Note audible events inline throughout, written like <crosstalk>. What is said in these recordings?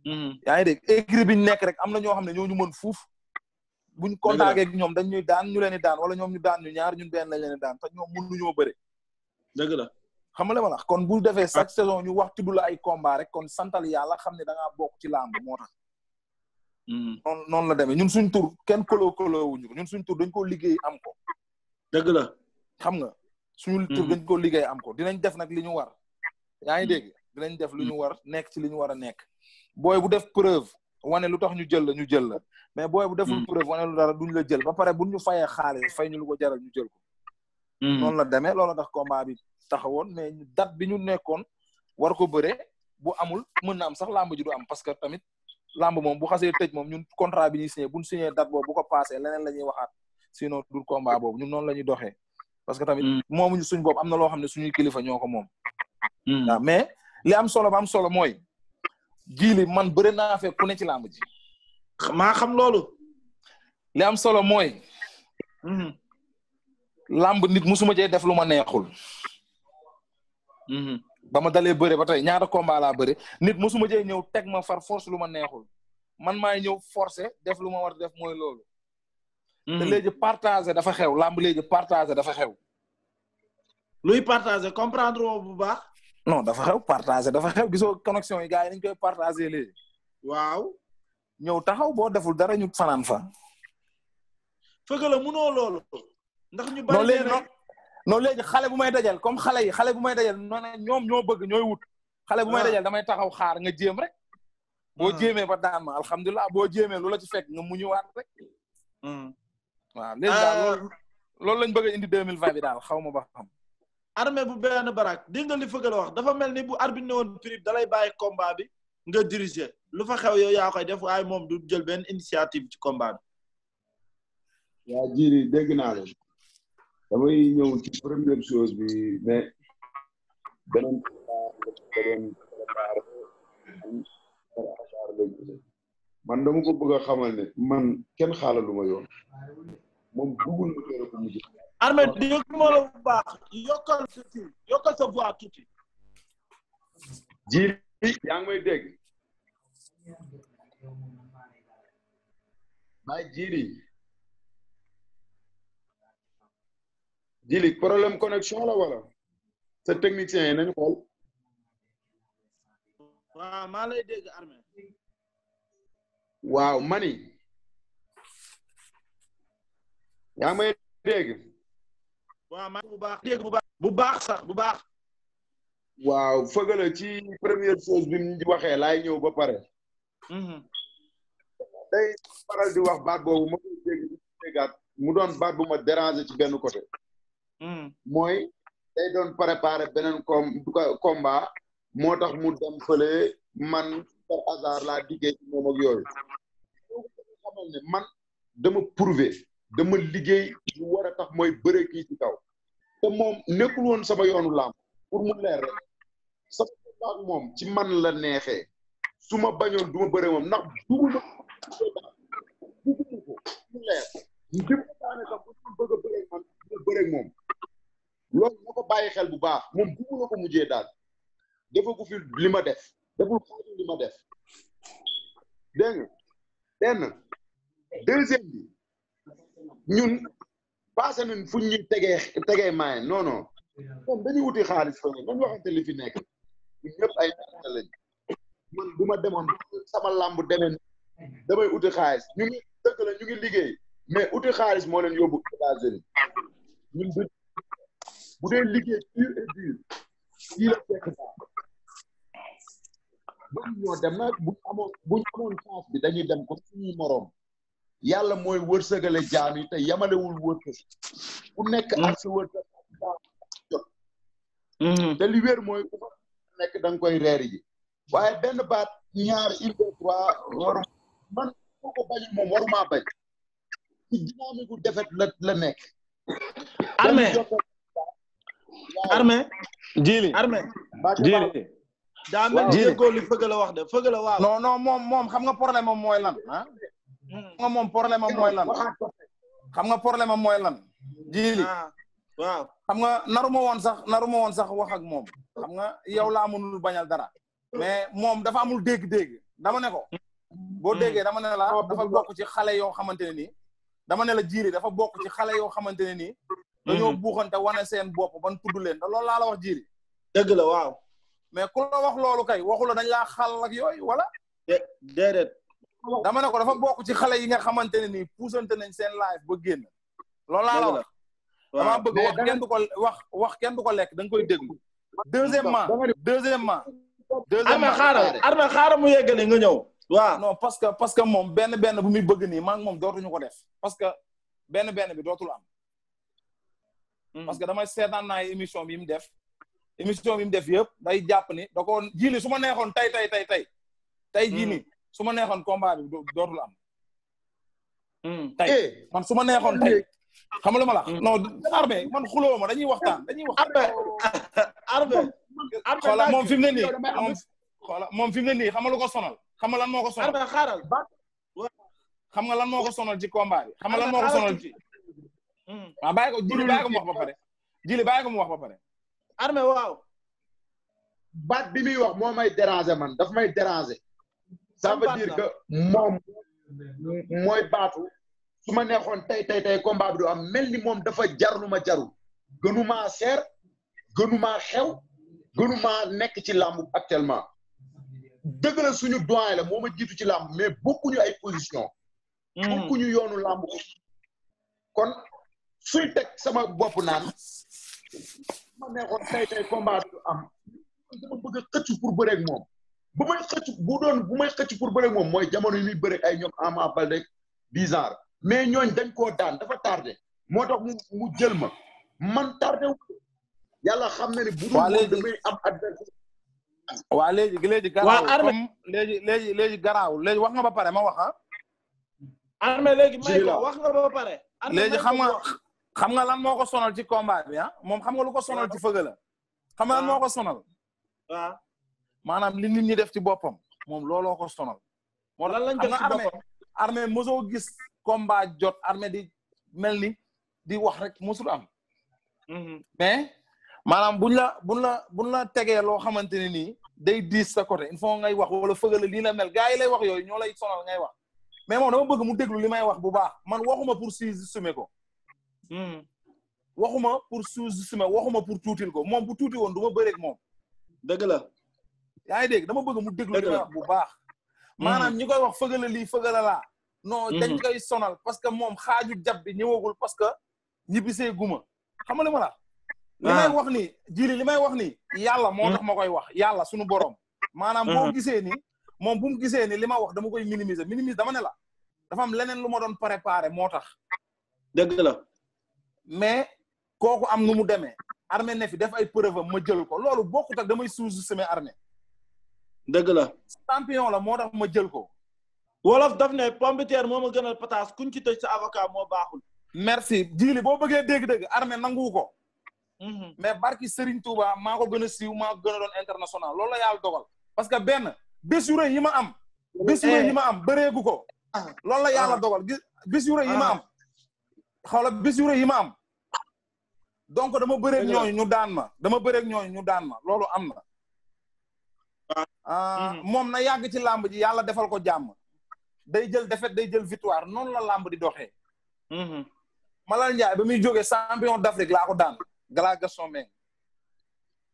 Mm-hmm. yaa ngi dégg écrit bi ñu nekk rek am na ñoo xam ne ñoo ñu mën fuuf. buñ kontaakee ak ñoom dañ ñuy daan ñu leen di daan wala ñoom ñu daan ñu ñaar ñun benn lañ leen di daan te ñoom mënuñoo bëre. dëgg la. xam nga li ma la kon bu defee ah. chaque saison ñu wax tudd la ay combat rek kon santal yàlla xam ne da ngaa bokk ci làmb moo tax. Mm-hmm. noonu noonu la demee ñun suñ tur kenn kolo kolo wuñu ñun suñ tur dañ koo liggéey am ko. dëgg la. xam nga suñu tur mm-hmm. dañ koo liggéey am ko dinañ def nag li ñu war. yaa ngi dégg ñu def lu ñu mm. war nekk ci li ñu war a nekk booy bu def preuve wane lu tax ñu jël la ñu jël la mais booy bu deful mm. preuve wane lu dara duñ la jël ba pare buñ ñu fayee xaalis fay ñu lu ko jaral ñu jël ko mm. noonu la demee loolu tax combat bi taxawoon mais date bi ñu nekkoon war ko bëre bu amul mën na am sax lamb ji du am parce que tamit làmb moom bu xasee tëj moom ñun contrat bi ñuy signé buñ signé date boobu bu ko passé leneen la ñuy waxaat sinon du combat boobu ñu noonu la ñuy doxee parce que tamit moomuñu suñ bopp am na loo xam ne suñuy kilifa ñoo ko moom li am solo bam solo mooy jiili man bëri naa fekk ku ci làmb ji. maa xam loolu. li am solo mooy. Mm-hmm. làmb nit musuma cee def lu ma neexul. Mm-hmm. ba ma dalee bëre ba tey ñaata combat laa bëre nit musuma cee ñëw teg ma far force lu ma neexul man maay ñëw forcer def lu ma war def mooy loolu. te mm-hmm. léegi partagé dafa xew làmb léegi partagé dafa xew. luy partagé comprendre woo bu baax. non dafa xew partagé dafa xew gisoo connexion yi gars yi dañ koy partagé le waaw. ñëw taxaw boo deful dara ñu fanaan fa. fëgg la munoo loolu. ndax ñu bari noonu noonu xale bu may dajal comme xale yi xale bu may dajal noonu ñoom ñoo bëgg ñooy wut. xale bu may ah. dajal damay taxaw xaar nga jéem rek. boo ah. jéemee ba daan ma alhamdulilah boo jéemee lu la ci fekk nga muñuwaat rek. Hmm. waaw léegi daal ah. loolu loolu bëgg indi deux mille vingt bi daal xaw ma ba xam. armée bu benn barak di nga wax dafa mel ni bu arbitre ne woon prix dalay bàyyi combat bi nga diriger lu fa xew yow yaa koy def waaye moom du jël benn initiative ci combat bi. dégg naa la damay ñëw ci première chose bi mais man dama ko bëgg a xamal ne man kenn xaalaluma yoon. moom duggul mu teeru ko mujj. armé déglu ma la bu baax yokkal sa sa voix tuuti. jiir yaa ngi may dégg. maa jiiri. jili problème connexion la wala. sa technicien yi nañu xool. waaw maa lay dégg armé. mani yaa may dégg. waaw bu baax dégg bu baax. bu baax sax bu baax. waaw fëgala ci première chose bi mu waxee laay ñëw ba pare. Mhm. day faral di wax baat boobu ma koy dégg mu doon baat bu ma dérangé ci benn côté. Mhm. mooy day doon préparer beneen com combat moo tax mu dem fële man par hasard laa diggee ci moom ak yooyu. xamal ne dama prouver. dama liggéey lu war a tax mooy bëre kii ci kaw te moom nekkul woon sama yoonu làmb pour mu leer rek sama yoonu moom ci man la neexee su ma bañoon du ma bëre moom loolu na ko bàyyi xel bu baax moom dugg na ko mujjee daal dafa fi li ma def deful xaaju li ma def dégg nga benn bi ñun passé nañ fu ñuy tegee tegee maye non non kon dañuy wuti xaalis fa dañu waxante li fi nekk ñun ñëpp ay naata lañ man ma demoon sama làmb demeen damay uti xaalis ñu ngi dëkk la liggéey mais uti xaalis moo leen yóbbu dee liggéey dur et dur fii la fekk baax ba ñoo dem nag bu amoon bu bi dañuy dem ko suñuy moroom yàlla mooy wërsëgale jaam yi te yamalewul wërsëg ku nekk ak sa mm-hmm. te li mooy nekk da koy reer ji waaye benn baat ñaar il deux trois waru bañ moom warumaa bañ ci gu defet la nekk armé armé jili armé jili daa mel déggoo li fëgg wax de fëgg la waaw non non moom xam nga problème moom mooy lan ah Hmm. xam nga moom problème am mooy lan xam nga problème am mooy lan jiili ah, waaw xam nga naru ma woon sax naru ma woon sax wax ak moom xam nga yow laa mënul bañal dara mais moom dafa amul dégg-dégg dama ne ko boo hmm. déggee dama ne la oh, dafa bokk ci xale yoo xamante ne nii dama ne la jiiri dafa bokk ci xale yoo xamante ne nii dañoo hmm. buuxante wane seen bopp ban tudd leen da loolu laa la wax jiiri dëgg la waaw mais ku la wax loolu kay waxulo dañ laa xal ak yooyu wala déedéet dama ne ko dafa bokk ci xale yi nga xamante ne nii puusante nañ seen live ba génn. loolu laa la wax dama bëgg wax kenn du ko wax wax kenn du ko lekk da nga koy déglu. deuxièmement deuxièmement. deuxièmement xaaral Arma xaaral mu yeggale nga ñëw. waaw no parce que parce que moom benn benn bu muy bëgg nii maa ngi moom dootuñu ko def parce que benn benn bi dootul am. Hmm. parce que damay seetaan naa émission bi mu def. émission bi mu def yëpp day jàpp ni da ko su ma neexoon tey tey tey tey. tey jii nii su ma neexoon combat bi dootul am. Hmm. tey eh. man su ma neexoon tey. xam nga lu ma la. Hmm. non armé man xuloo ma dañuy waxtaan dañuy waxtaan. armé armé moom fi mu ne nii moom xoola fi mu ne nii xam nga lu ko sonal. xam nga lan moo ko sonal armé xaaral xam nga lan moo ko sonal ci combat bi xam nga lan moo ko sonal ci. waaw ah, bàyyi wax ba pare. jili bàyyi ko mu wax ba pare. armé waaw. baat bi muy wax moo may déranger man dafa may déranger. ça veut dire que hmm. moom mooy baatu su ma neexoon tey tey tey combat du am mel ni moom dafa jar lu ma jarul gënumaa seer gënumaa xew gënumaa nekk ci làmb actuellement dëgga suñu doyen la moo ma jiitu ci làmb mais bokkuñu ay position hmm. bokkuñu yoonu làmb kon suy teg sama bopp naan su ma neexoon tey tey combat bi du am dama bëgg a xëccu pour bëreeg moom bu may xëcc bu doon bu may xëcc pour bëre moom mooy jamono yi muy bëre ay ñoom Ama Baldé bizarre mais ñooñ dañ koo daan dafa tardé moo tax mu mu jël ma man tardé wu yàlla xam na ne bu dul damay am adversaire waa léegi léegi garaaw comme léegi léegi léegi garaaw wax nga ba pare ma wax ah. Armé léegi may wax nga ba pare. léegi xam nga xam nga lan moo ko sonal ci combat bi ah moom xam nga lu ko sonal ci fëgg la. xam nga lan moo ko sonal. waaw maanaam li nit ñi def ci boppam moom looloo ko sonal. moo lan lañ def a boppam armée mosoo gis combat jot armée di mel ni di wax rek mosul am. Mm-hmm. mais maanaam buñ la buñ la buñ la tegee loo xamante ne nii day diis sa côté il faut ngay wax wala fëgale lii la mel gars yi lay wax yooyu ñoo lay sonal ngay wax mais moom dama bëgg mu déglu li may wax bu baax man waxuma pour sous-estimer ko. Mm-hmm. waxuma pour sous-estimer waxuma pour tuutil ko moom bu tuuti woon du ma bëreeg moom. dëgg la. yaa ngi dégg dama bëgg mu déglu li bu baax mm-hmm. maanaam ñi koy wax fëgala lii fëgala laa non dañ mm-hmm. koy sonal parce que moom xaaju jab bi ñëwagul parce que ñibbisee guma xam nga li ma la li ah. wax ni jili li may wax ni yàlla moo tax mm. ma koy wax yàlla suñu borom maanaam boo mm-hmm. gisee ni moom bu mu gisee ni li ma wax dama koy minimiser minimiser dama ne la dafa am leneen lu ma doon préparer moo tax dëgg la mais kooku am nu mu demee armée ne fi def ay preuve ma jël ko loolu bokkut ak damay sous-estimer armée dëgg la. champion la moo tax ma jël ko. wolo wolof daf ne pompiteer moo ma gënal pataas kuñ ci tëj sa avocat moo baaxul. merci jili boo bëggee dégg-dégg armée nangu ko. Mhm. mais barki Serigne Touba maa ko gën a maa ko doon international loolu la yàlla dogal. parce que benn bés yu rëy yi ma am. bés yu rëy ma am bëreegu ko. loolu la yàlla dogal gis bés yu rëy ma am. xawla bés yu rëy yi ma am. donc dama bëreeg ñooñu ñu daan ma dama bëreeg ñooñu ñu daan ma loolu am na. Ah, mhm. moom na yàgg ci làmb ji yàlla defal ko jàmm. day jël defet day jël victoire noonu la làmb di doxee. Mhm. Malal Ndiaye ba muy jóge champion d'Afrique laa ko daan galaa Gaston Mbengue.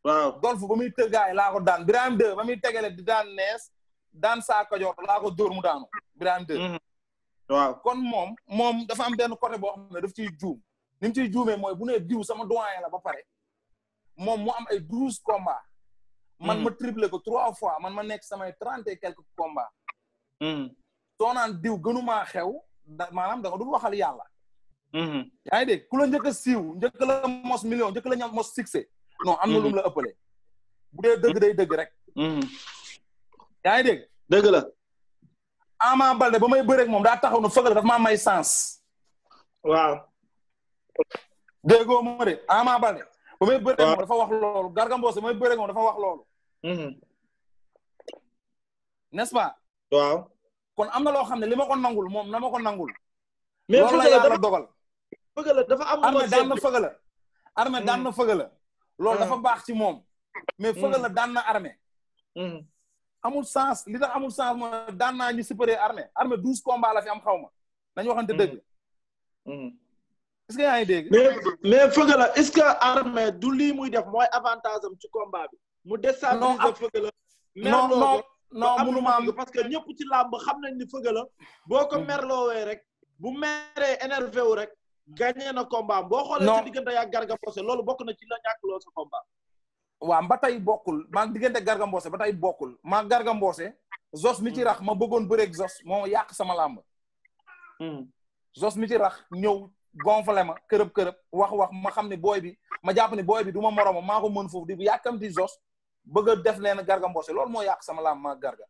waaw golf ba muy tëggaay laa daan Birame 2 ba muy tegele di daan nees daan saa Kajoor laa ko dóor mu daanu Birame 2. Mhm. waaw kon moom moom dafa am benn côté boo xam ne daf ciy juum ni mu ciy juumee mooy bu nee diw sama doyen la ba pare moom mu am ay douze combats man hmm. ma triplé ko trois fois man ma nekk samay trente et quelques combats. Hmm. soo naan diw gënumaa xew da maanaam da nga waxal yàlla. Hmm. yaa ngi dégg ku la njëkk a siiw njëkk la mos million njëkk la ñam mos succès. non am na lu la ëppale. bu dee dëgg day dëgg rek. yaa ngi dégg. dëgg la. Ama Balde ba may bëreeg moom daa taxaw na fëgal dafa may sens. waaw. déggoo ma de Ama Balde. ba may bëre moom dafa wax loolu Garga Mbossé ba may bëre moom dafa wax loolu. Mm-hmm. nest pas. waaw kon am na loo xam ne li ma ko nangul moom na ma ko nangul. mais fëgg la dafa dogal. fëgg dafa am. armé daan na fëgg la. armé daan na mm-hmm. fëgg la. loolu dafa mm-hmm. baax ci moom. mais fëgg la daan na armé. amul sens li tax amul sens mooy daan naa ñu supéré armé armé douze combats la fi am xawma ma. nañu waxante dëgg. est-ce que yaa ngi dégg. mais mais Feugeula est-ce que armée du lii muy def mooy avantage am ci combat bi. mu déstabiliser Feugeula. non non non mënuma am parce que ñëpp ci làmb xam nañ ni Feugeula boo ko mm. merloowee rek bu meree énervé wu rek gagné na combat boo xoolee sa diggante yaa Garga Mbossé loolu bokk na ci la ñàkkloo sa combat. waaw ba tey bokkul maa diggante Garga Mbossé ba tey bokkul maa Garga Mbossé mi ci rax ma bëggoon bëreeg Zos moo yàq sama làmb. Mm. Zos mi ci ñëw. gonfale ma kërëb kërëb wax wax ma xam ne booy bi ma jàpp ne booy bi du ma moroma maa ko mën foofu di yàkkamti jos bëgg a def leen garga mbose loolu moo yàq sama laam ma garga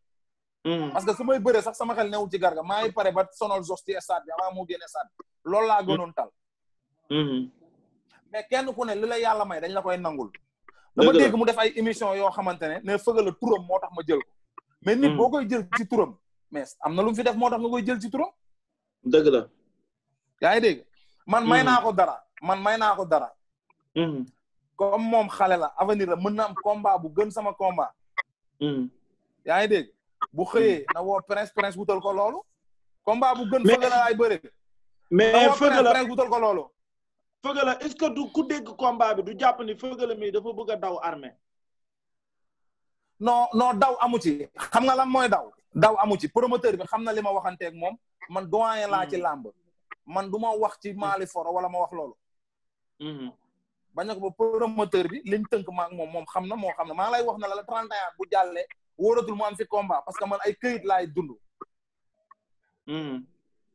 mm. parce que su may bëree sax sama xel newul ci garga maa ngi pare ba sonal jos ci stade bi avant moo génn stade bi loolu laa gënoon tal mm-hmm. mais kenn ku ne li la yàlla may dañ la koy nangul dama dégg mu def ay émission yoo xamante ne ne fëgal a turam moo tax ma jël ko mais nit mm. boo koy jël ci turam mais am na lu fi def moo tax nga koy jël ci turam dëgg la ngi dégg man may mm-hmm. naa ko dara man may naa ko dara. Mm-hmm. comme moom xale la avenir la mën na am combat bu gën sama combat. Mm-hmm. yaa ngi dégg bu xëyee na woo prince prince wutal ko loolu. combat bu gën fëgg la ay bëre. mais fëgg la prince wutal ko loolu. fëgg la est-ce que du ku dégg combat bi du jàpp ni fëgg la mii dafa bëgg a daw armée. non non daw amu ci xam nga lan mooy daw. daw amu ci promoteur bi xam na li ma waxanteeg moom man doyen laa ci làmb. man du ma wax ci hmm. Mali foro wala ma wax loolu. Hmm. ba ko ba promoteur bi liñ tënk ma ak moom moom xam na moo xam na maa lay wax na la trente 31 bu jàllee wóoratul mu am fi combat parce que man ay këyit laay dund. Hmm.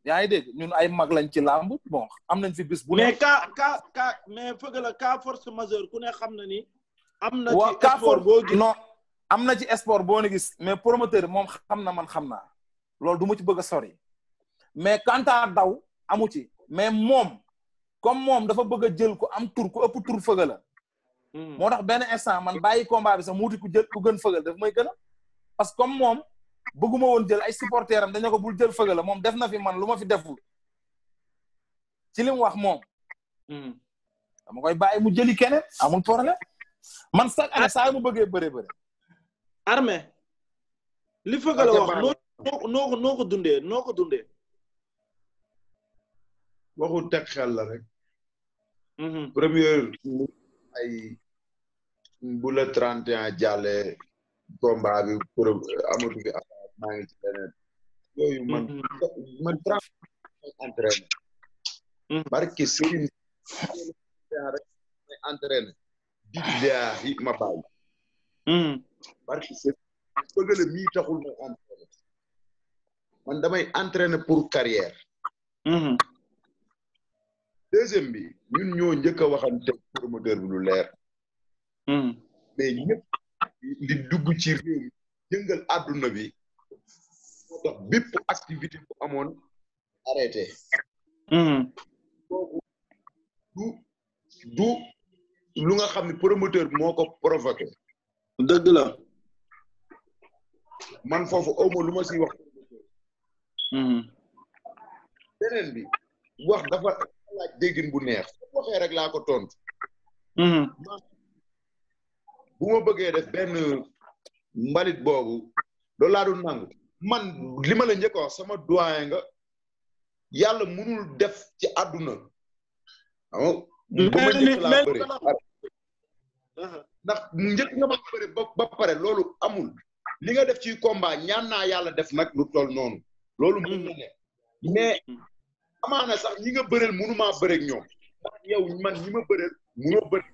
yaa ngi dégg ñun ay mag lañ ci làmb bon am nañ fi bis bu. mais ka ka ka mais fëgg la ka force majeure ku ne xam na ni. am na ci sport boo gis non am na ci sport boo ne gis mais promoteur moom xam na man xam na loolu du ma ci bëgg a sori mais quant daw. amu ci mais moom comme moom dafa bëgg a jël ku am tur ku ëpp tur fëgal la. Hmm. moo tax benn instant man bàyyi combat bi sax mu wuti ku jël ku gën fëgal daf may gën a. parce que comme moom bëgguma woon jël ay supporteram am dañu ko bul jël fëgal la moom def na fi man lu ma fi deful ci li wax moom. Hmm. dama koy bàyyi mu jëli keneen amul problème man sax année saa mu bëggee bëree bëri. armé li fëgal la wax noo ko noo ko noo ko dundee noo ko dundee. waxu teg xel la rek. Mm-hmm. premier ay bu la 31 jàllee bi pour amatu fi avance maa ngi ci leneen. yooyu man mm-hmm. man trente mooy entraîné. barke ma mm-hmm. bàyyi. barke Serigne man damay entraîné pour carrière. deuxième bi ñun ñoo njëkk a waxante promoteur bi lu leer. Hmm. mais ñëpp li dugg ci réew mi bi moo tax bépp activité bu amoon arrêté. Hmm. du du lu xam ne promoteur bi moo ko provoqué. dëgg la. man foofu aw lu ma si wax. Hmm. beneen bi wax dafa. laaj déggin bu neex soo waxee rek laa ko tontu. Mm-hmm. bu ma bëggee def benn mbalit boobu doo laa doon nangu man li ma la njëkk sama doyen nga yàlla mënul def ci àdduna xam nga ma ndax njëkk nga ba pare loolu amul li nga def ci combat ñaan naa yàlla def nag lu toll noonu loolu mën na ne mm-hmm. mais amaana sax ñi nga bëreel mënumaa bëreeg ñoom ndax yow man ñi ma bëreel mënoo bëri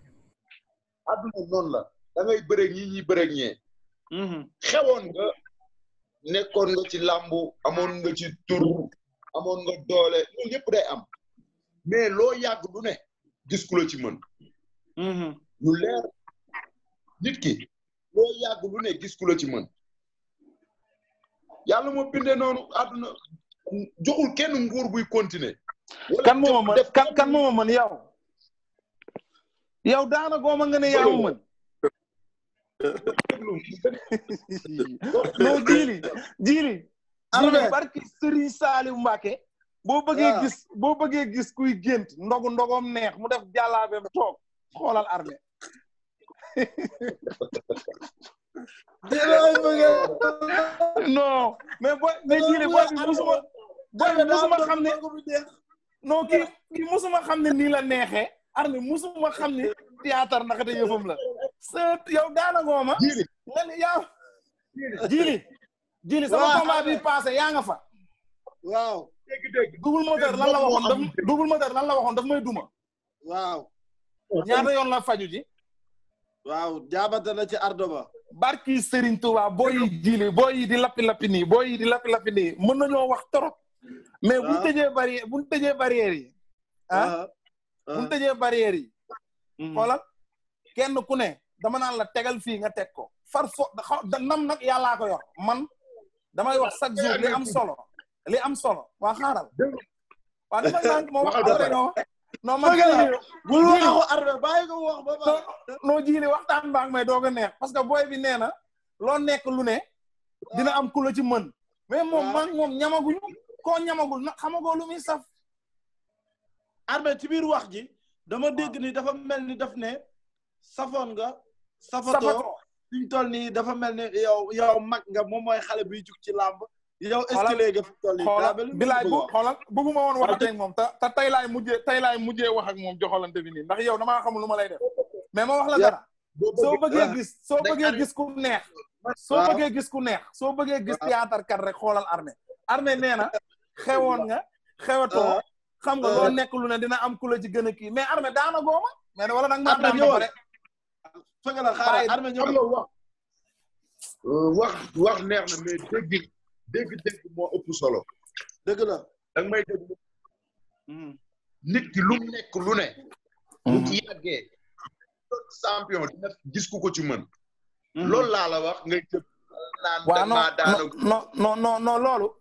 adduna noonu la da ngay bëreeg ñi ñi bëreeg ñee mhm. xewoon nga nekkoon nga ci làmbu amoon nga ci tur amoon nga doole loolu yëpp day am mais loo yàgg du ne gis ku la ci mën mhm. lu leer nit ki loo yàgg lu ne gis ci mën yàlla moo bindee noonu àdduna joxul kenn nguur guy continuer. kan moo ma mën kan kan moo ma mën yow. yow daana gooma nga ne yaa ma mën. <laughs> non jiili jiili. allo barki Serigne Saliou Mbacke. boo bëggee ah. gis boo bëggee gis kuy gént ndogu ndogoom neex mu def jàllaabeem toog xoolal armé. non mais booy mais jiili booy bi boole musuma xam ne non kii kii xam ne nii la neexee Armi musuma xam ne théâtre naxate yëfam la seet yow daanakoo ma jili nga ne yow jili sama combat bi passé yaa nga fa waaw dégg-dégg double moteur lan la waxoon daf double moteur la waxoon daf may duma waaw ñaata yoon la faju ji waaw jaabante na ci ardoba barki Serigne Touba boo yi jili boo yi di lappi lappi nii boo yi di lappi lappi mën nañoo wax torop mais bu ñu ah. tëjee barrière bu ñu tëjee barrière bu ñu tëjee barrière yi. Ah, ah. Hmm. xoolal kenn ku ne dama naan la tegal fii nga teg ko. far fo da nam nag yàllaa ko yor man damay wax chaque jour solo li am solo waa xaaral. waaw dama naan moo wax après non. non man bul wax ko arme ko wax ba ba. noo jiili waxtaan baa ngi may doog a neex parce que booy bi nee na loo nekk lu ne dina am ku ci mën mais moom maa ngi moom ñamaguñu. koo ñamagul nag xamagoo lu muy saf armée ci biir wax ji dama dégg ni dafa mel ni daf ne safoon nga safatoo suñ toll ni dafa mel ne yow yow mag nga moom mooy xale biy jug ci làmb yow est-ce que léegi fi bilaay bu woon wax ak moom te te tey laay mujjee tey laay mujjee ak moom joxolante bi nii ndax yow damaa xamul lu ma lay def mais ma wax la dara soo bëggee gis soo bëggee gis ku neex soo bëggee gis ku neex soo bëggee gis théâtre kat rek xoolal armée armée nee na xewoon nga xewatoo euh, xam nga loo euh. nekk lu dina am kula la ci gën a kii mais armé daana gooma wala nag ma daan ba wax euh, wax wax neex na mais dégg dégg ëpp solo dëgg la may dégg hmm. nit ki lu nekk lu ne hmm. bu ci ku ko ci mën hmm. loolu la wax ngay jëp naan dama daana non non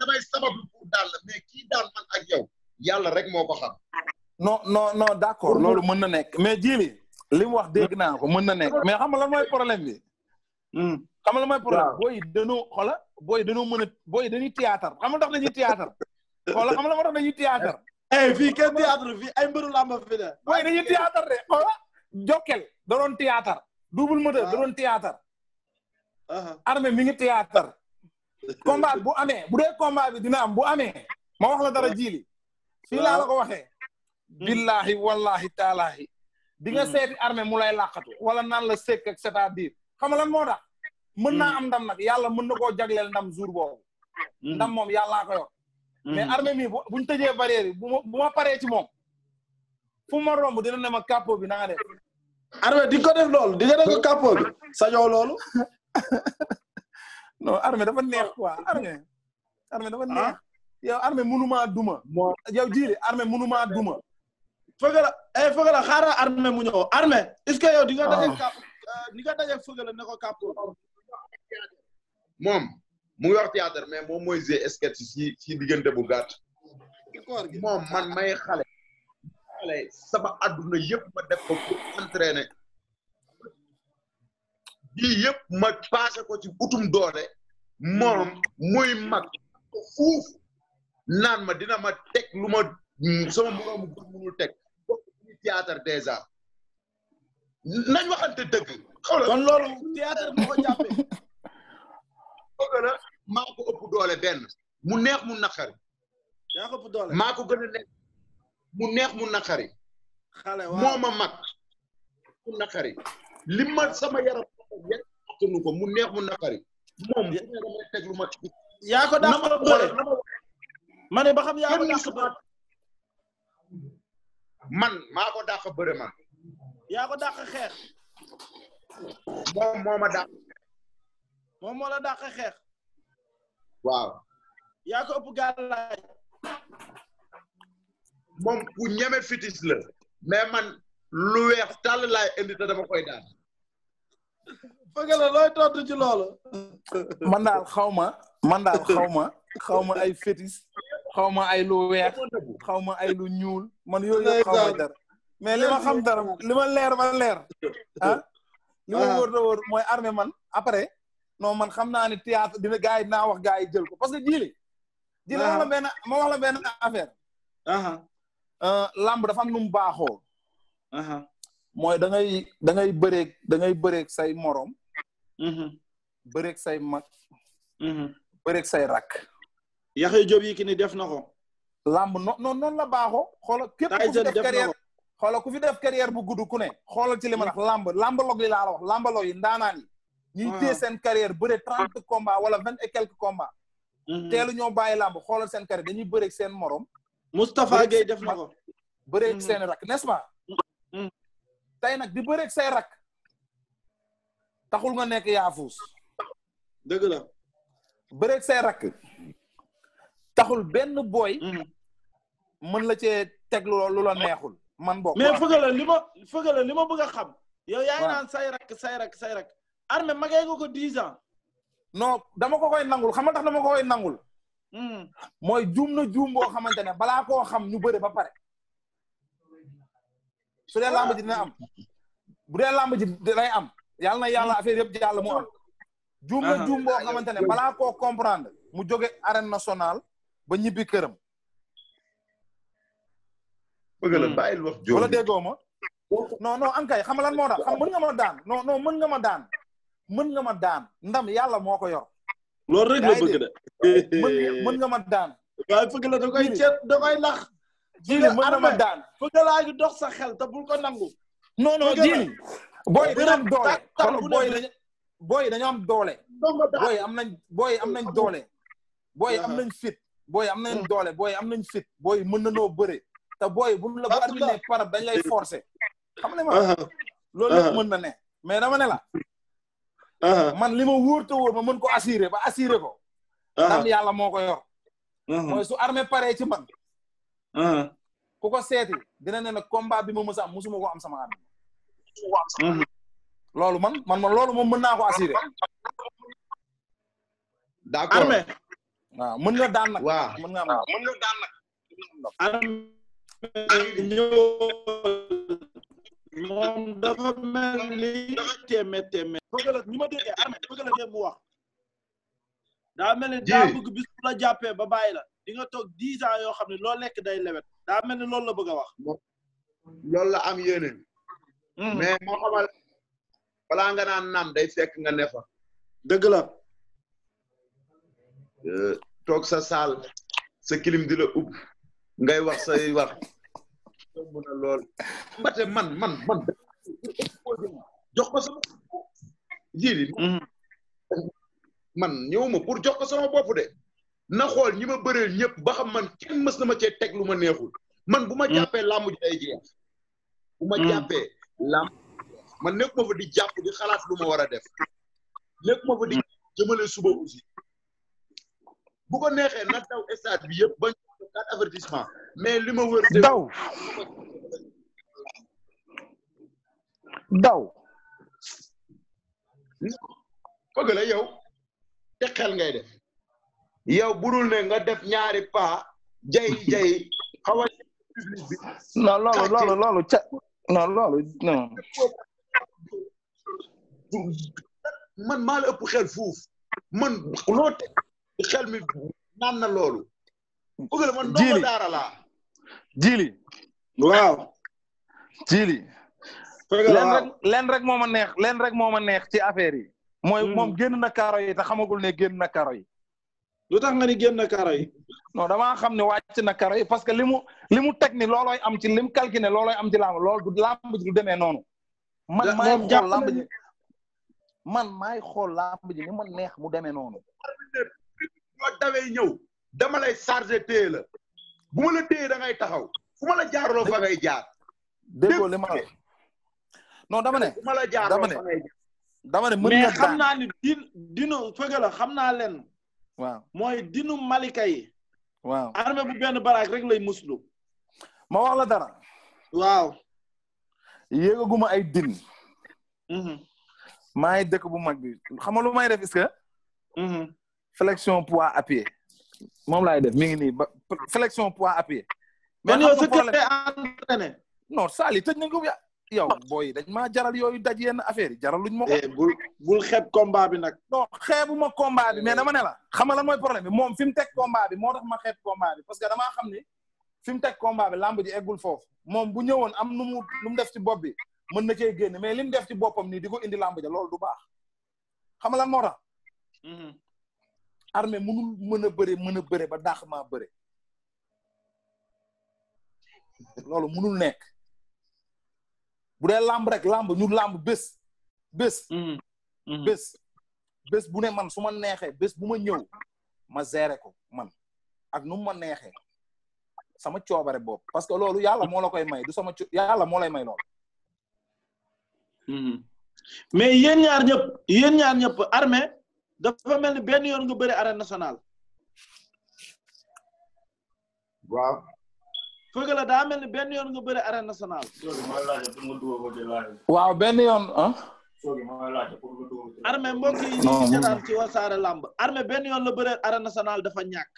damay sabablu daal la mais kii daal man ak yow yàlla rek moo ko xam. non non non d' accord loolu mën na nekk mais jili li mu wax dégg naa ko mën na nekk mais xam nga lan mooy problème bi. Hmm. xam nga lan mooy problème booy danoo xoola booy danoo mën a booy dañuy théâtre xam nga tax dañuy théâtre xoola xam nga la ma tax dañuy théâtre eh fii kenn théâtre fii ay mbëru làmb fi de. booy dañuy théâtre de xoola Jokkel da doon théâtre double moteur da doon théâtre mi ngi théâtre combat bu amee bu dee combat bi dina am bu amee ma wax la dara jiili fii laa la ko waxee hmm. billahi wallahi taalahi di nga hmm. seeti armée mu lay làqatu wala nan la sek ak c'est-à-dire xam moo tax mën naa hmm. am ndam nag yàlla mën na koo jaglel ndam jour boobu ndam moom yàllaa ko yor mais armée mi buñ tëjee barrière yi bu ma paree ci moom fu ma romb dina ne ma capot bi na nga def di ko def loolu di nga def ko capot bi <laughs> sañoo loolu <laughs> no armée dafa neex quoi oh. armée armée dafa ah. neex yow armée mënumaa duma yow jiili armée mënumaa duma Feugeula eh Feugeula xaaral armée mu ñëw armée est-ce que yow di nga ah. daje kàpp euh, ne ko kàpp moom mu ngi wax théâtre mais moom mooy g sketch si si diggante bu gàtt moom man may xale xale sama yëpp ma def ko pour bii yëpp ma passé ko ci utum doole moom mm-hmm. muy mag fuuf naan ma dina ma teg lu ma mm, sama moroomu góor mënul teg bokk ci théâtre nañ waxante dëgg kon loolu <laughs> ko ëpp doole benn mu neex mu naqari yaa ko maa ko gën a mu neex mu naqari xale waaw moo mag mu naqari lim ma sama yaram yéen attanu ko mu neex mu naqari. moom bu ñu demee teg lu ma. yaa ko dàq bëre ma ne ba xam yaa ko dàq bëre. man maa dàq bëre man. yaa dàq xeex. moom moo ma dàq. moom moo la dàq xeex. waaw. yaa ko ëpp gàllaay. moom ku ñeme fitis la. mais man lu weex tàll laay indi te dama koy daan. Feugeule looy to ci loolu. man daal xaw ma man daal xaw ma xaw ma ay fétis xaw ma ay lu weex xaw ma ay lu ñuul man yooyu xaw ma dara mais li ma xam dara li ma leer ba leer ah. li ma ah. wóor la wóor mooy armée man après non man xam naa ne théâtre dina gars yi dinaa wax gars yi jël ko parce que jiile. jiile wax la ah. benn ma wax la benn affaire. Ah. Euh, lamb dafa am nu mu baaxoo. mooy da ngay da ngay bëreeg da ngay bëreeg say morom. Mm-hmm. bëreeg say mag. Mm-hmm. bëreeg say rakk. Yaxya Jóob Yékini def na ko. làmb non non noonu la baaxoo. xoolal képp ku fi def carrière ku fi def bu gudd ku ne. xoolal ci li ma wax mm-hmm. làmb làmb log wax làmb log yi ndaanaan yi. Ah. seen carrière bëre trente combats wala vingt et quelques combats. teelu ñoo bàyyi làmb xoolal seen carrière dañuy bëreeg seen morom. Moustapha Gueye def na ko. bëreeg seen n'est-ce pas. tey nag di bëreeg say rakk taxul nga nekk yaafuus. dëgg la. bëreeg say rak taxul benn booy. Mm. mën la cee teg lu la neexul. man boo mais fëgala li ma fëgala li ma bëgg a xam. yow yaay naan say rak say rak say rak. armé nga ko dix ans. non dama ko koy nangul xama nga tax dama ko koy nangul. Mm. mooy juum na juum boo xamante ne balaa koo xam ñu bëre ba pare. su dee làmb ji dina am bu dee làmb ji dinay am yàlla na yàlla affaire yëpp jàll mu am juum na juum boo xamante ne balaa koo comprendre mu jóge arène nationale ba ñibbi këram bëgg la hmm. bàyyil wax jóom wala déggoo ma non non ankay xam lan moo tax xam mën nga ma daan non non mën nga ma daan mën nga ma daan ndam yàlla moo ko yor loolu rek bëgg de mën nga ma daan waaye bëgg la da koy ceet lax jiili mën na ma daan bëgg laa ngi dox sa xel te bul ko nangu. non non jiili. booy dañoo am doole booy dañoo am doole. booy am nañ booy am nañ doole. booy mm. am nañ fit. booy am nañ doole booy am nañ fit booy mën nanoo bëre. te booy bu la bu arbitre par dañ lay forcer. xam nga ma uh-huh. loolu uh-huh. mën na ne mais ma ne la. Uh-huh. man li ma wóor te ma mën ko assurer ba assure ko. ndam yàlla moo ko yor. mooy su armée paree ci man. ku ko seeti dina ne nag combat bi ma mës a am musuma ko am sama àdduna. loolu man man man loolu moom mën naa ko assuré. d'accord Armé. waaw mën nga daan nag. waaw mën nga mën nga daan nag. moom dafa mel ni téeméer téeméer. bëgg la ni ma déggee Armé bëgg la mu wax. daa mel ni daa bëgg bis jàppe ba bàyyi la di nga toog dix ans yoo xam ne loo lekk day lewet daa mel ni loolu la bëgg a wax. loolu la am yéene. Hmm. mais moo xamal balaa nga naan naam day fekk nga ne fa. dëgg la. Euh, toog sa saal sa kilim di la ub ngay wax say wax. mën na lool man man man. <laughs> jox ko sama ji man ñëwuma pour jox ko sama bopp de na xool ñi ma bëreel ñëpp ba xam man kenn mës na ma cee teg lu ma neexul man bu ma mm. jàppee làmb ji day jeex bu ma mm. jàppee làmb man nekk fa di jàpp di xalaat lu ma war a def nekk ma fa di mm. jëmale suba aussi bu ko neexee na daw stade bi yëpp ba ñu quatre avertissement mais li ma wër daw daw fëgg la yow te xel ngay def yow budul ne nga def ñaari pas jay jay xaw a bi non loolu loolu man maa la xel fuuf man loo te xel mi naan na loolu bëgg man ndongo daara leen rek leen rek moo ma neex leen rek moo ma neex ci affaire yi mooy hmm. moom génn na kaaro yi te xamagul ne génn na kaaro yi. lu tax nga ni génn na yi. non damaa xam ne wàcc na kaaro yi parce que li mu li mu teg ni loolooy am ci li mu calculé loolooy am ci làmb loolu du làmb ji du demee noonu. man maay xool làmb ji man xool làmb ji ma neex mu demee noonu. boo ñëw dama lay chargé téye la bu ma la téye da taxaw fu ma la jaarloo fa ngay jaar. déggoo li ma la non dama ne dama ne. dama ne mën nga mais xam naa ni din dinu fëgg la xam naa leen. waaw mooy dinu malika waaw armée bu benn baraak rek lay muslu. ma wax la dara. waaw. yéegaguma ay din. Mhm. maa ngi dëkk bu mag bi xam nga lu may def est-ce que. Mhm. flexion poids appuyé. moom laay def mi ngi nii ba flexion poids appuyé. mais yow sa kër entraîné. non yow booy dañ maa jaral yooyu daj yenn affaire yi jaral luñ ma ko. Eh, bul bul xeeb combat bi nag. ma xeebuma combat bi mais eh. dama ne la xam nga lan mooy problème bi moom fi mu teg combat bi moo tax ma xeeb combat bi parce que damaa xam ne fi mu teg combat bi làmb ji eggul foofu moom bu ñëwoon am nu mu nu mu def ci bopp bi mën na cee génn mais li mu def ci boppam nii di indi làmb ja loolu du baax xam nga lan moo tax. Mm-hmm. armée mënul mën a bëre mën a bëre ba dàq ma bëre loolu mënul nekk. bu dee làmb rek làmb ñu làmb bés bés mm-hmm. Mm-hmm. bés bés bu ne man suma neexee bés bu ma ñëw ma gérer ko man ak nu mu ma neexee sama coobare bopp parce que loolu yàlla moo la koy may du sama co yàlla moo lay may loolu mm-hmm. mais yéen ñaar ñëpp yéen ñaar ñëpp armée dafa mel ni benn yoon nga bëri arène nationale waaw Feugeula daa mel ni benn yoon nga bëri arène nationale. waaw benn yoon ah. armée mbokk yi ñu ngi seetaan ci lamb armée benn yoon la bëre arène nationale dafa ñàkk.